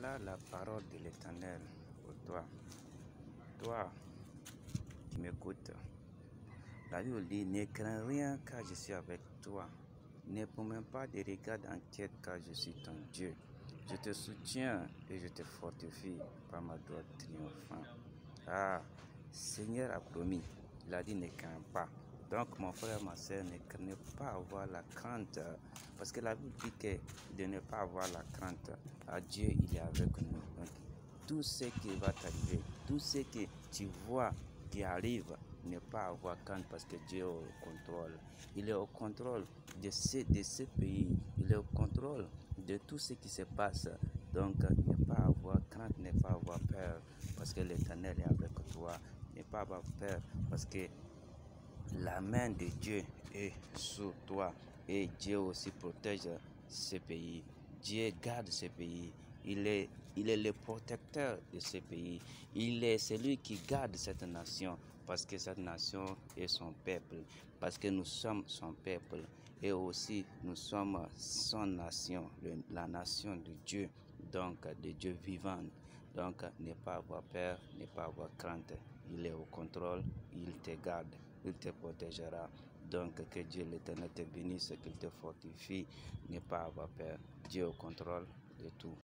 Voilà la parole de l'Éternel pour toi. Toi qui m'écoutes. La Bible dit, ne crains rien car je suis avec toi. Ne même pas de regards inquiets car je suis ton Dieu. Je te soutiens et je te fortifie par ma droite triomphante. Ah, Seigneur a promis, il a dit ne crains pas. Donc mon frère, ma soeur, ne, pas avoir la crainte, parce que la vie dit que de ne pas avoir la crainte, à Dieu il est avec nous. Donc, tout ce qui va t'arriver, tout ce que tu vois qui arrive, ne pas avoir crainte parce que Dieu est au contrôle. Il est au contrôle de ce, de ce pays, il est au contrôle de tout ce qui se passe. Donc ne pas avoir crainte, ne pas avoir peur parce que l'Éternel est avec toi. Ne pas avoir peur parce que la main de Dieu est sur toi et Dieu aussi protège ce pays. Dieu garde ce pays. Il est, il est le protecteur de ce pays. Il est celui qui garde cette nation parce que cette nation est son peuple, parce que nous sommes son peuple et aussi nous sommes son nation, la nation de Dieu, donc de Dieu vivant. Donc ne pas avoir peur, ne pas avoir crainte. Il est au contrôle, il te garde il te protégera. Donc que Dieu l'Éternel te bénisse, qu'il te fortifie, n'est pas avoir peur. Dieu au contrôle de tout.